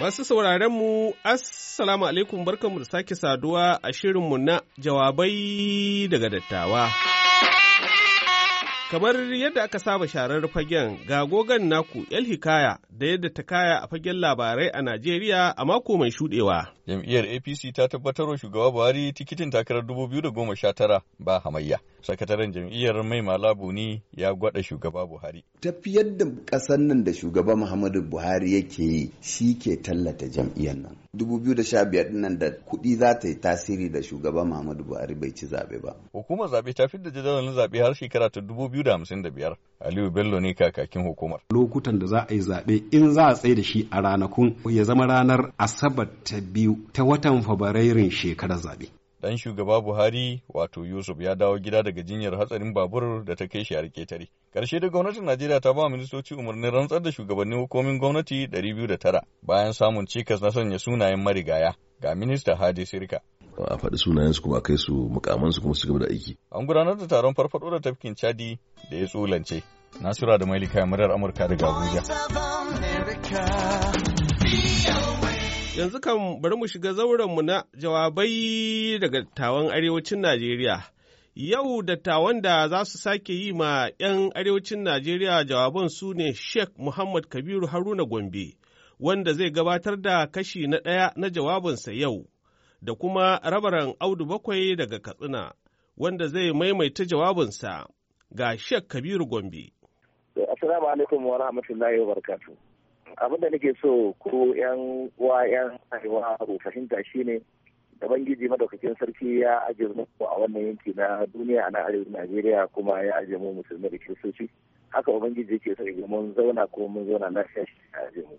Masu sauraron mu Assalamu alaikum barkanmu da sake saduwa a shirinmu na jawabai daga dattawa. Kamar yadda aka saba sharar fagen ga gogan naku El Hikaya da yadda ta kaya a fagen labarai a Najeriya a mako mai shudewa. Jam'iyyar APC ta tabbatar wa shugaba Buhari tikitin takarar 2019 ba hamayya. sakataren jam'iyyar mai malabu ne ya gwada shugaba buhari tafiyar da kasan nan da shugaba muhammadu buhari yake yi shi ke tallata jam'iyyar nan 2015 nan da kuɗi za ta yi tasiri da shugaba muhammadu buhari bai ci zaɓe ba hukumar zaɓe ta fidda jadawalin zaɓe har shekara ta 2055 aliyu bello ne kakakin hukumar lokutan da za a yi zaɓe in za a tsaye da shi a ranakun ya zama ranar asabar ta biyu ta watan fabrairun shekarar zaɓe dan shugaba Buhari wato Yusuf ya dawo gida daga jinyar hatsarin babur da ta kai shi a riketare. Karshe da gwamnatin Najeriya ta ba ministoci umarnin rantsar da shugabannin hukumin gwamnati 209 bayan samun cikas na sanya sunayen marigaya ga minista Hadi Sirka. a faɗi sunayen su kuma a kai su su kuma su gaba da aiki. An gudanar da taron farfaɗo da tafkin Chadi da ya tsolance. Nasura da Mailika murar Amurka daga Abuja. Yanzu kan bari mu shiga zauren mu na jawabai daga dattawan arewacin Najeriya. Yau dattawan da za su sake yi ma 'yan arewacin Najeriya jawaban su ne Sheikh Muhammad Kabiru Haruna Gombe, wanda zai gabatar da kashi na ɗaya na jawabinsa yau, da kuma rabaran Audu Bakwai daga Katsina, wanda zai maimaita jawabinsa ga Sheikh Kabiru Gombe. Assalamu alaikum wa rahmatullahi wa barakatuh. abin da nake so ko yan uwa yan arewa ku fahimta shine ubangiji madaukakin sarki ya ajiye mu a wannan yanki na duniya a arewa najeriya kuma ya ajiye mu musulmi da kiristoci haka ubangiji yake so ya mun zauna ko mun zauna na shi a ajiye mu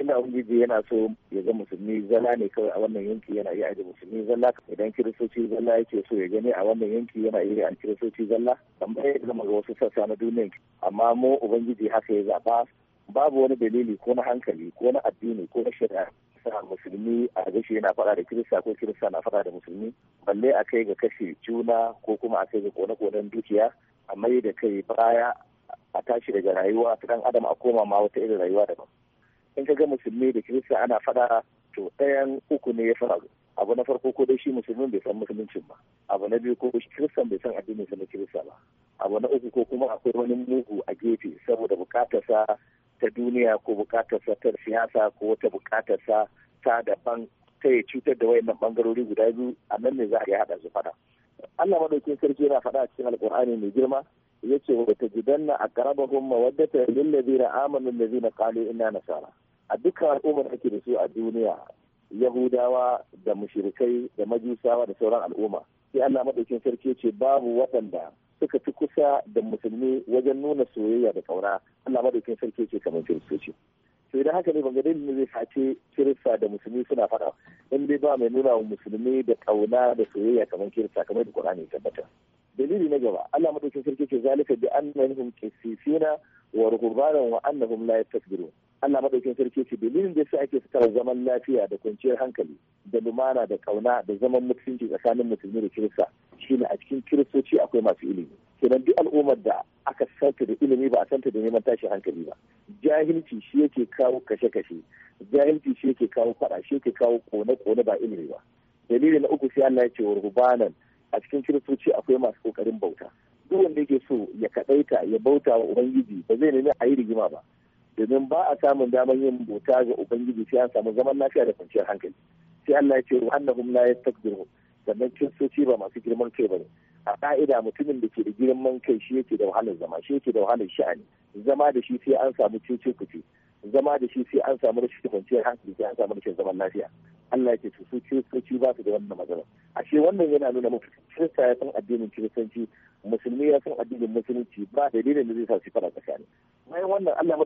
inda ubangiji yana so ya ga musulmi zalla ne kawai a wannan yanki yana iya ajiye musulmi zalla idan kiristoci zalla yake so ya gani a wannan yanki yana iya an kiristoci zalla kamar ya zama ga wasu sassa na duniya amma mu ubangiji haka ya zaba babu wani dalili ko na hankali ko na addini ko na shari'a sa musulmi a gashi yana faɗa da kirista ko kirista na faɗa da musulmi balle a kai ga kashe juna ko kuma a kai ga kone-konen dukiya a mai da kai baya a tashi daga rayuwa ta dan adam a koma ma wata irin rayuwa daban in ka ga musulmi da kirista ana faɗa to ɗayan uku ne ya faru abu na farko ko dai shi musulmin bai san musuluncin ba abu na biyu ko kiristan bai san addinin sa na kirista ba abu na uku ko kuma akwai wani mugu a gefe saboda bukatarsa ta duniya ko bukatarsa ta siyasa ko wata bukatarsa ta daban ta ya cutar da wayannan bangarori guda biyu a nan ne za a yi haɗa su fada Allah madaukin sarki yana faɗa a cikin alkur'ani mai girma ya yace wa tajidanna aqrabahum mawaddatan lil ladina amanu ladina qalu ina nasara a dukkan al'ummar ake da su a duniya yahudawa da mushirikai da majusawa da sauran al'umma sai Allah madaukin sarki ce babu waɗanda suka fi kusa da musulmi wajen nuna soyayya da kauna Allah madaukin sarki ke kamar kiristoci to idan haka ne bangare ne zai sace kirista da musulmi suna faɗa in dai ba mai nuna wa musulmi da ƙauna da soyayya kamar kirista kamar da Qur'ani tabbata dalili na gaba Allah madaukin sarki yake zalika bi annahum kisifina wa ruhbanan wa annahum la yastakbirun Allah madaukin sarki ce dalilin da yasa ake fitar zaman lafiya da kwanciyar hankali da lumana da kauna da zaman mutunci tsakanin musulmi da kirista shine a cikin kiristoci akwai masu ilimi kenan duk al'ummar da aka santa da ilimi ba a santa da neman tashi hankali ba jahilci shi yake kawo kashe-kashe jahilci shi yake kawo fada shi yake kawo kone-kone ba ilimi ba dalili na uku sai Allah ya ce rubanan a cikin kiristoci akwai masu kokarin bauta duk wanda yake so ya kadaita ya bauta wa ubangiji ba zai nemi a yi rigima ba domin ba a samun damar yin bota ga ubangiji sai an samu zaman lafiya da kwanciyar hankali sai Allah ya ce wa annahum la yastakbiru sannan kiristoci ba masu girman kai bane a ka'ida mutumin da ke da girman kai shi yake da wahalar zama shi yake da wahalar sha'ani zama da shi sai an samu cece kuce zama da shi sai an samu rashin kwanciyar hankali sai an samu rashin zaman lafiya Allah ya ce su kiristoci ba su da wannan a ashe wannan yana nuna muku kirista ya san addinin kiristanci musulmi ya san addinin musulunci ba dalilin da zai sa su fara tsakani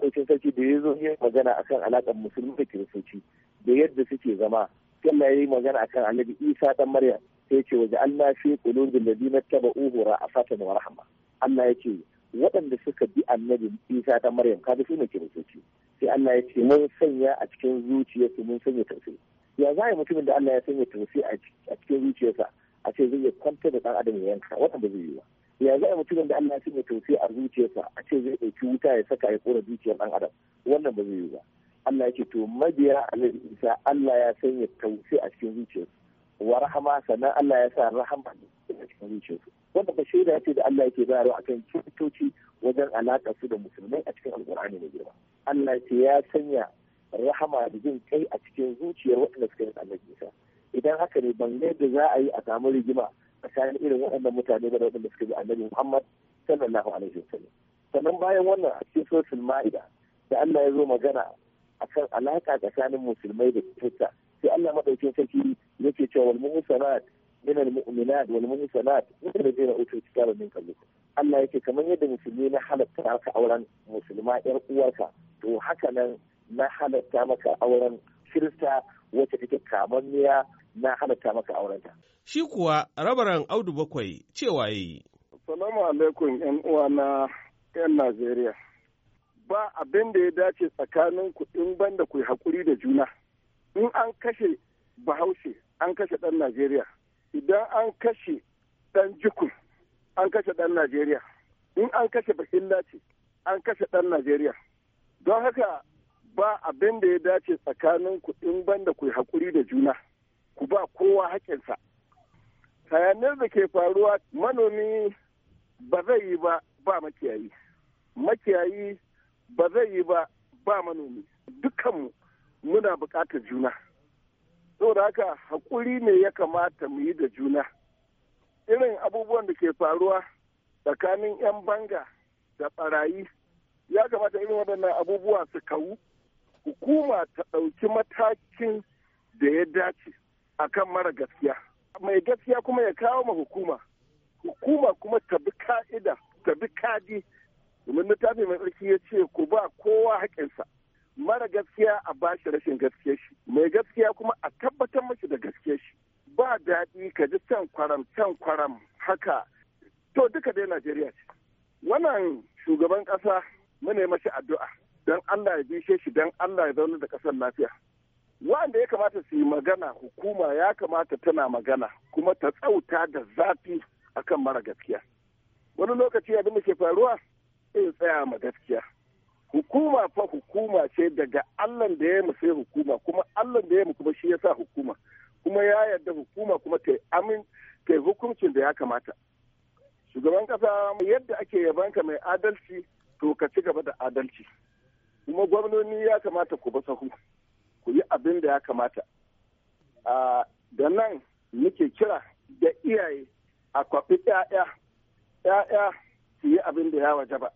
maɗaukin sarki da ya zo ya magana akan alaƙar musulmi da kiristoci da yadda suke zama Allah ya yi magana akan annabi Isa ɗan Maryam sai ce waje Allah fi qulubil ladina a fata wa rahma Allah yake waɗanda suka bi annabi Isa ɗan Maryam kaga su ne kiristoci sai Allah ya ce mun sanya a cikin zuciyarsu mun sanya tausayi ya za mutumin da Allah ya sanya tausayi a cikin zuciyarsa a ce zai kwanta da ɗan adam ya yanka waɗanda zai yi ba ya za a mutumin da Allah ya sanya tausayi a zuciyarsa a ce zai ɗauki wuta ya saka ya kora zuciyar ɗan adam wannan ba zai yi ba Allah yake to mabiya alaihi isa Allah ya sanya tausayi a cikin zuciyarsu wa rahama sannan Allah ya sa rahama a cikin zuciyarsu wanda ba shaida ce da Allah yake bayarwa akan kiristoci wajen alaƙa su da musulmai a cikin alƙur'ani mai girma Allah ce ya sanya rahama da jin kai a cikin zuciyar waɗanda suka yi annabi isa idan haka ne ban da za a yi a samu rigima tsakanin irin waɗannan mutane da waɗanda suka bi annabi Muhammad sallallahu alaihi wasallam sannan bayan wannan a cikin sosul ma'ida da Allah ya zo magana akan alaka tsakanin musulmai da kirista sai Allah madaukin sarki yake cewa wal muhsanat min al mu'minat wal muhsanat min alladhina utul kitaba min qablikum Allah yake kamar yadda musulmi na halatta ka auren musulma yar uwarka to haka nan na halatta maka auren kirista wacce take kamanniya na halatta maka aurenta Shi kuwa rabaran Audu bakwai cewa ya yi. Salamu alaikum ‘yan uwa na ‘yan Najeriya. Ba abin da ya dace tsakanin kuɗin banda ku haƙuri da juna. In an kashe Bahaushe an kashe ɗan Najeriya. Idan an kashe ɗan jikun an kashe ɗan Najeriya. In an kashe bahilla ce an kashe ɗan Najeriya. Don haka ba abin da ya dace tsakanin kuɗin banda ku haƙuri da juna. Ku ba kowa haƙinsa. hayanar da ke faruwa manomi ba zai yi ba ba makiyayi makiyayi ba zai yi ba ba manomi dukkanmu muna buƙatar juna saboda haka haƙuri ne ya kamata mu yi da juna irin abubuwan da ke faruwa tsakanin 'yan banga da ɓarayi ya kamata irin waɗannan abubuwa su kawu hukuma ta ɗauki matakin da ya dace akan mara gaskiya. mai gaskiya kuma ya kawo ma hukuma hukuma kuma ta bi ka'ida ta bi kadi domin littafi mai tsarki ya ce ku ba kowa haƙinsa mara gaskiya a bashi rashin gaskiyar shi mai gaskiya kuma a tabbatar mashi da gaskiya shi ba daɗi ka ji can kwaram can kwaram haka to duka dai najeriya ce wannan shugaban ƙasa mune ne mashi addu'a don allah ya bishe shi don allah ya zauna da ƙasar lafiya wanda ya kamata su yi magana hukuma ya kamata tana magana kuma ta tsauta da zafi akan mara gaskiya wani lokaci abin da ke faruwa sai tsaya ma gaskiya hukuma fa hukuma ce daga allah da ya sai hukuma kuma allah da ya kuma shi ya sa hukuma kuma ya yarda hukuma kuma ta amin ta hukuncin da ya kamata shugaban kasa yadda ake yabanka mai adalci to ka ci gaba da adalci kuma gwamnoni ya kamata ku ba sahu ku yi abin da ya kamata da nan muke kira da iyaye a kwafi 'ya'ya 'ya'ya su yi abin da ya wajaba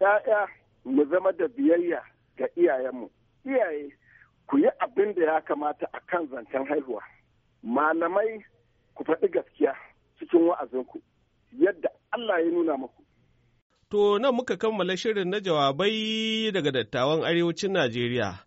'ya'ya mu zama da biyayya ga iyayenmu iyaye ku yi abin da ya kamata a kan zancen haihuwa malamai ku faɗi gaskiya cikin wa'azinku yadda Allah ya nuna muku. To nan muka kammala shirin na jawabai daga dattawan arewacin Najeriya.